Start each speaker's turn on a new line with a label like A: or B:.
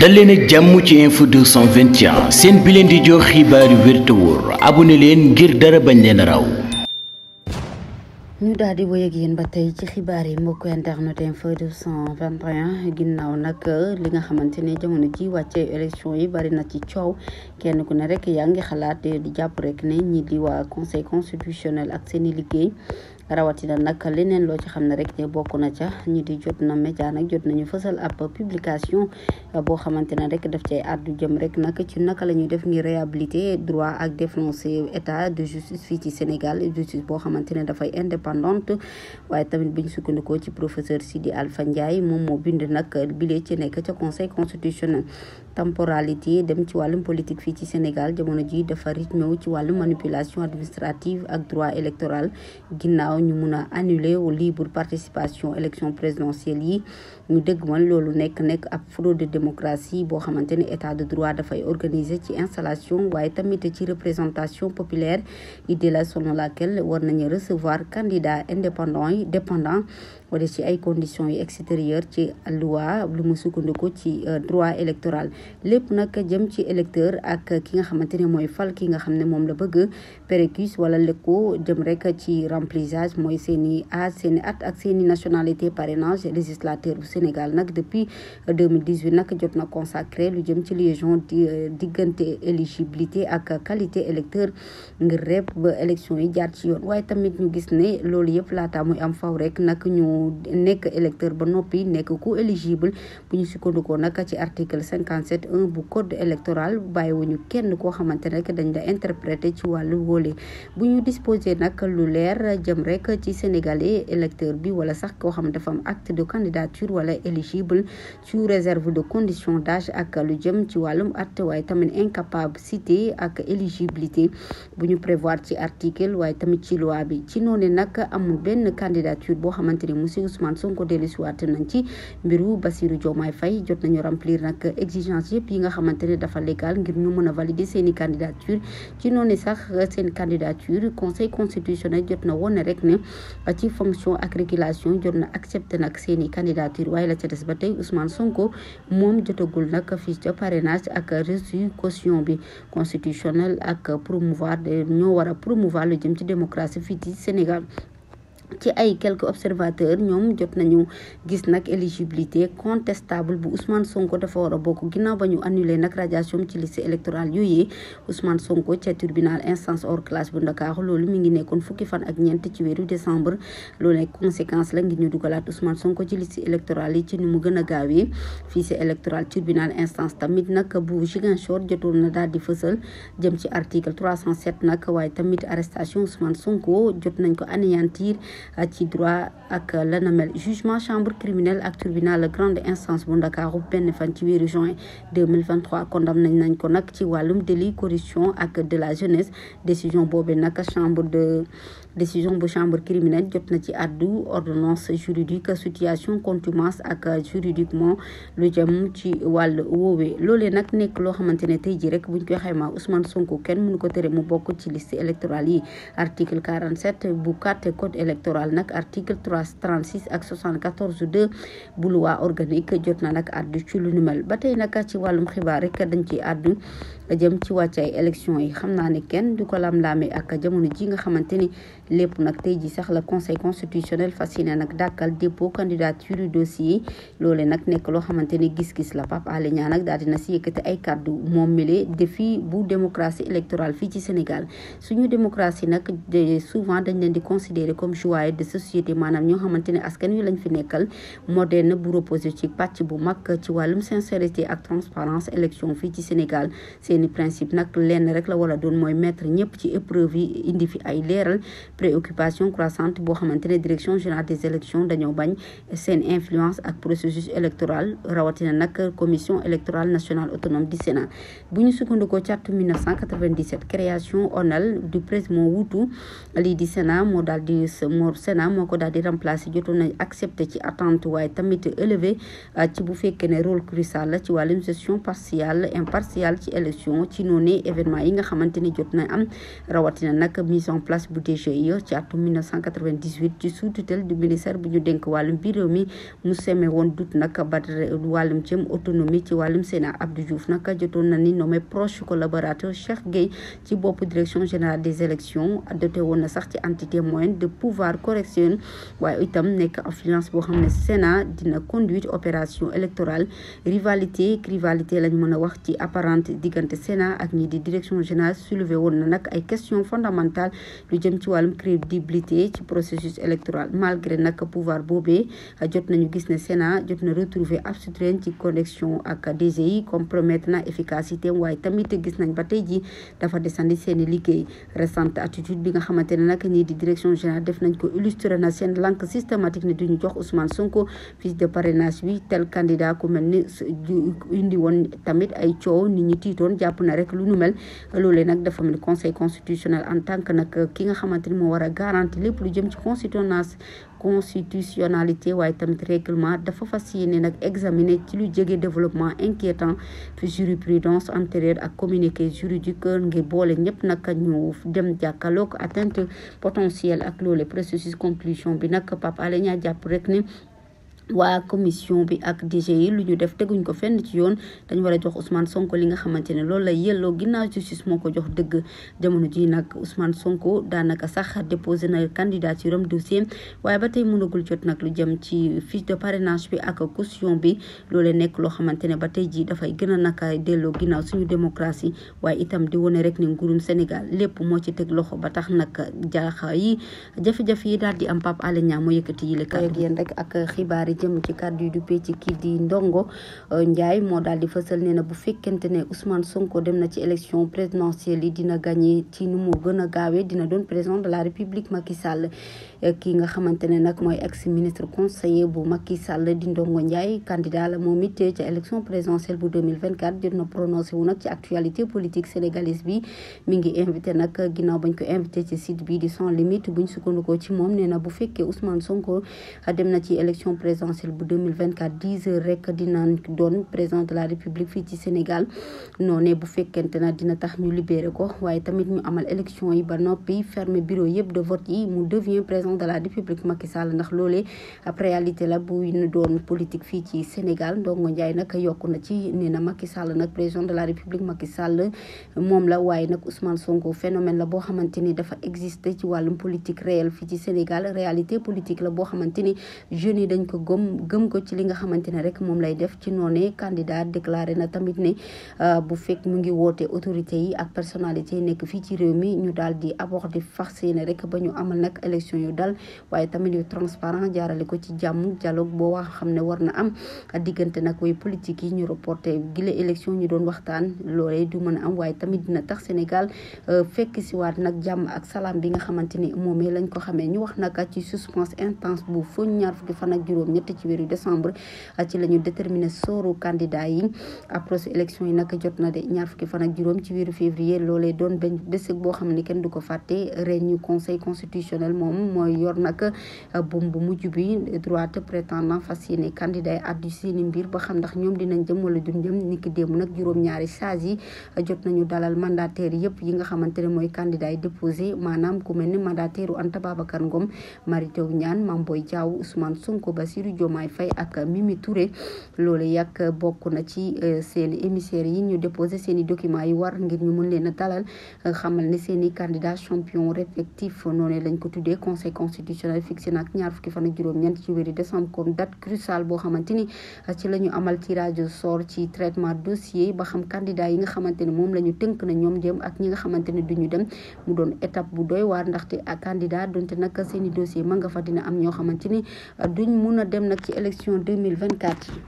A: dal leen ak jàmm ci info 221 seen bi leen di jox xibaar yu wér abu ni leen ngir dara bañ leen raw. ñu daal di woy ak yéen ba tey ci xibaar yi mbokk internet info 221 ginnaaw nag li nga xamante ne jamono ji wàccee élection yi bari na ci coow kenn ku ne rekk yaa ngi xalaatee di jàpp rek ne ñi di waa conseil constitutionnel ak seeni liggéey. rawatina nag leneen loo ci xam ne rek bokk na ca ñi di jot na média nag jot na ñu fësal ab publication boo xamante ne rek daf cay àddu jëm rek nag ci naka la ñuy def ngir réhabiliter droit ak défenser état de justice fii ci Sénégal justice boo xamante ne dafay indépendante waaye tamit bu ñu sukkandikoo ci professeur Sidi Alpha Ndiaye moom moo bind nag bile ci nekk ca conseil constitutionnel temporalité dem ci wàllum politique fii ci Sénégal jamono ji dafa rythmé ci wàllum manipulation administrative ak droit électoral ginnaaw ginnaaw ñu mun a annuler au libre participation élection présidentielle yi ñu dëggmal loolu nekk nekk ab fraude de démocratie boo xamante ne état de droit dafay organiser ci installation waaye tamit ci représentation populaire idée la selon laquelle war nañu recevoir candidat indépendant yi dépendant wala ci ay conditions yi extérieures ci loi lu mu sukkandiku ci euh, droit électoral lépp nag jëm ci électeur ak ki nga xamante ne mooy fal ki nga xam ne moom la bëgg précus wala parrainage mooy seeni âge seeni at ak seeni nationalité parrainage législateur bu Sénégal nag depuis 2018 nag jot na consacré lu jëm ci liaison di euh, diggante éligibilité ak qualité électeur ngir rep ba élection yi jaat ci yoon waaye tamit ñu gis ne loolu yëpp laataa muy am faw rek nag ñu nekk électeur ba noppi nekk ku éligible bu ñu sukkandikoo nag ci article 57 1 bu code électoral bàyyiwuñu kenn koo xamante ne rek dañ la interpréter ci wàllu wóole bu ñu disposé nag lu ci sénégalais électeur bi wala sax koo xam dafa am acte de candidature wala éligible sous réserve de condition d'âge ak lu jëm ci wàllum at waaye tamit incapacité ak éligibilité bu ñu prévoir ci article waaye tamit ci loi bi ci noonu nag amul benn candidature boo xamante ni monsieur ko Sonko dellusiwaat nañ ci mbiru Bassirou Diomaye Faye jot nañu remplir nag exigence yëpp yi nga xamante ne dafa légal ngir ñu mën a valider seen i candidature ci noonu sax seen candidature conseil constitutionnel jot na woon rek. ne ci fonction agriculation régulation jot na accepté nag seen i candidature waaye la ca des ba tey Ousmane Sonko moom jotagul nag fiche de parrainage ak reçu caution bi constitutionnel ak promouvoir ñoo war a promouvoir lu jëm ci démocratie fii ci Sénégal ci ay quelques observateurs ñoom jot nañu gis nag éligibilité contestable bu Ousmane Sonko dafa war a bokk ginnaaw ba ñu annulé nag radiation ci liste électorale yooyu Ousmane Sonko ca tribunal instance or classe bu Ndakaaru loolu mi ngi nekkoon fukki fan ak ñeent ci décembre loolu nag conséquence la ngir ñu dugalaat Ousmane Sonko ci liste électorale yi ci ni mu gën a gaawee fichier électoral tribunal instance tamit nag bu Ziguinchor jotoon na daal di fësal jëm ci article 307 nag waaye tamit arrestation Ousmane Sonko jot nañ ko anéantir ci droit ak lana mel jugement chambre criminelle ak tribunal grande instance bu ndakaaru benn fan ci mille juin 2023 condamné nañ ko nag ci wàllum délit corruption ak de la jeunesse décision boobe nag chambre de décision bu chambre criminelle jot na ci àddu ordonnance juridique situation contumace ak juridiquement lu jëm ci wàll woowee loolee nag nekk loo xamante ne tey jii rek buñ ko ma Ousmane Sonko kenn mënu ko tere mu bokk ci liste électorale yi article 47 bu 4 code électoral nag article 336 ak 74 2 bu loi organique jot na nag àddu ci lu nu mel ba tey nag ci wàllum xibaar rek dañ ci àddu jëm ci wàccaay élection yi xam naa ne kenn du ko lam-laame ak jamono ji nga xamante ni lépp nag tey ji sax la conseil constitutionnel fas yéene nag dàkkal dépôt candidature yu dossier loole nag nekk loo xamante ne gis-gis la Pape Alé nag daal dina si yëkkati ay kàddu moom mile défi bu démocratie électorale fii ci Sénégal suñu démocratie nag souvent dañ leen di considérer comme joie de société maanaam ñoo xamante ne askan wi lañ fi nekkal moderne bu reposé ci pàcc bu mag ci wàllum sincérité ak transparence élection fii ci Sénégal seeni principe nag lenn rek la wala doon mooy mettre ñëpp ci épreuve yi indi fi ay leeral préoccupation croissante boo xamante ne direction générale des élections dañoo bañ seen influence ak processus électoral rawatina nag commission électorale nationale autonome du Sénat bu ñu sukkandikoo ci atum 1997 création ONAL du presse moo wuutu lii di Sénat moo daal di moo Sénat moo ko daal di remplacer jotoon nañ accepté ci attente waaye tamit élevé ah, ci bu fekkee ne rôle crucial la ci wàllum gestion partielle impartiale ci élection ci noonu événement yi nga xamante ne jot na am rawatina nag mise en bu DG yi ya ci atum 1998 ci sous tutelle du ministère bu ñu dénk wàllum biir réew mi mu seme woon dut nag ba wàllum jëm autonomie ci wàllum Sénat Abdou Diouf nag jotoon na ni nommé proche collaborateur Cheikh Gueye ci bopp direction générale des élections doté woon na sax ci entité moyenne de pouvoir correction waaye itam nekk influence boo xam ne Sénat dina conduite opération électorale rivalité rivalité lañ mën a wax ci apparente diggante Sénat ak ñi di direction générale soulevé woon na nag ay questions incrédibilité ci processus électoral malgré nag pouvoir boobee jot nañu gis ne Sénat jot na retrouver absutren ci connexion ak DGI compromettre na efficacité waaye tamit gis nañ ba tey ji dafa desandi seen i liggéey bi nga xamante ne nag ñii di direction générale def nañ ko illustré na seen lank systématique ne duñu jox Ousmane Sonko fiche de parrainage bi tel candidat ku mel ni indi woon tamit ay coow nit ñi tiitoon jàpp na rek lu nu mel loolee nag dafa mel conseil constitutionnel en tant que nag ki nga xamante ne moo war a garanti lépp lu jëm ci constitutionnalité constitutionnalité waaye tamit règlement dafa fas yéene nag examiner ci lu jege développement inquiétant puis jurisprudence antérieure ak communiqué juridique ngir boole ñëpp nag ñu dem jàkkaarloog atteinte potentielle ak loole processus conclusion bi nag Pape Alé Niang jàpp rek ni waa commission bi ak DG yi lu ñu def teguñ ko fenn ci yoon dañ war a jox Ousmane Sonko li nga xamante ne loolu lay yelloo ginnaaw justice moo ko jox dëgg jamono ji nag Ousmane Sonko daanaka sax déposé na candidature am dossier waaye ba tey mënagul jot nag lu jëm ci fiche de parenage bi ak caution bi loolee nekk loo xamante ne ba tey jii dafay gën a naka delloo ginnaaw suñu démocratie waaye itam di wone rek ni nguurum Sénégal lépp moo ci teg loxo ba tax nag jaaxa yi jafe yi daal di am Pape Alé Niang moo yëkkati yi le kàddu yéen ak xibaar yi jëm ci kàddu yu duppee kii di Ndongo euh, Ndiaye moo daal di fësal ne na bu fekkente ne Ousmane Sonko dem na ci élection présidentielle yi dina gagné ci nu mu gën a gaawee dina doon président de la République Macky Sall euh, kii nga xamante ne nag mooy ex ministre conseiller bu Macky Sall di Ndongo Ndiaye candidat la moom it ca élection présidentielle bu 2024 jot na prononcé wu nag ci actualité politique sénégalaise bi mi ngi invité nag ginnaaw bañ ko invité ci site bi di sans limite ci moom nee na bu fekkee Ousmane Sonko euh, dem na présidentielle bu 2024 10 heures rek dinaan doon président de la république fii ci Sénégal noonee bu fekkente na dina tax ñu libéré ko waaye tamit ñu amal élection yi ba noppi fermer bureau yëpp de vote yi mu devient président de la république Macky Sall ndax loolee ab réalité la bu ñu doon politique fii ci Sénégal Ndongo Ndiaye nag yokk na ci nee na Macky Sall nag président de la république Macky Sall moom la waaye nag Ousmane Sonko phénomène la boo xamante ni dafa exister ci wàllum politique réelle fii ci Sénégal réalité politique la boo xamante ni jeunes gëm gëm ko ci li nga xamante ne rek moom lay def ci noonee candidat déclaré na tamit ne euh, bu fekk mu ngi wootee autorité yi ak personnalité yi nekk fii ci réew mi ñu dal di aborder farce ne rek ba ñu amal nag élection yu dal waaye tamit yu transparent jaarale ko ci jàmm dialogue boo wax xam ne war na am diggante nag way politique yi ñu reporté gile élection ñu doon waxtaan loolee du mën a am waaye tamit dina tax Sénégal euh, fekk siwaat nag jàmm ak salaam bi nga xamante ni moom moomee lañ ko xamee ñu wax nag ci suspense intense bu fo ñaar fukki fan ak juróom ñett ñett ci weeru décembre ah, ci la ñu déterminer sooru candidat yi après su élection yi nag jot na de ñaar fukki fan ak juróom ci weeru février loole doon benn bés boo xam ne kenn du ko fàtte ren ñu conseil constitutionnel moom mooy yor nag ah, buum bu mujj bi droite prétendant fas yéene candidat yi addu seeni mbir ba xam ndax ñoom dinañ jëm wala duñ jëm niki démb nag juróom-ñaari sages ah, jot nañu dalal mandataire yëpp yi nga xamante ne mooy candidat yi déposé maanaam ku ni mandataire Anta Babacar Ngom Diomaye Faye ak Mimi Touré loolu yàq bokk na ci euh, seen émissaires yi ñu déposé seen i documents yi war ngir ñu mën leen a dalal euh, xamal ne seen i candidat champion respectif noonu lañ ko tuddee conseil constitutionnel fixé nag ñaar fukki fan ak juróom-ñeent ci wéeri décembre comme date cruciale boo xamante ni euh, ci la ñu amal ci au sort ci traitement dossier ba xam candidat yi nga xamante ne moom la ñu tënk na ñoom dem ak ñi nga xamante ne duñu dem mu doon étape bu doy waar ndaxte ak candidat donte nag seen i dossier ma nga fa dina am ñoo xamante ni dem nag ci élection 2024 yi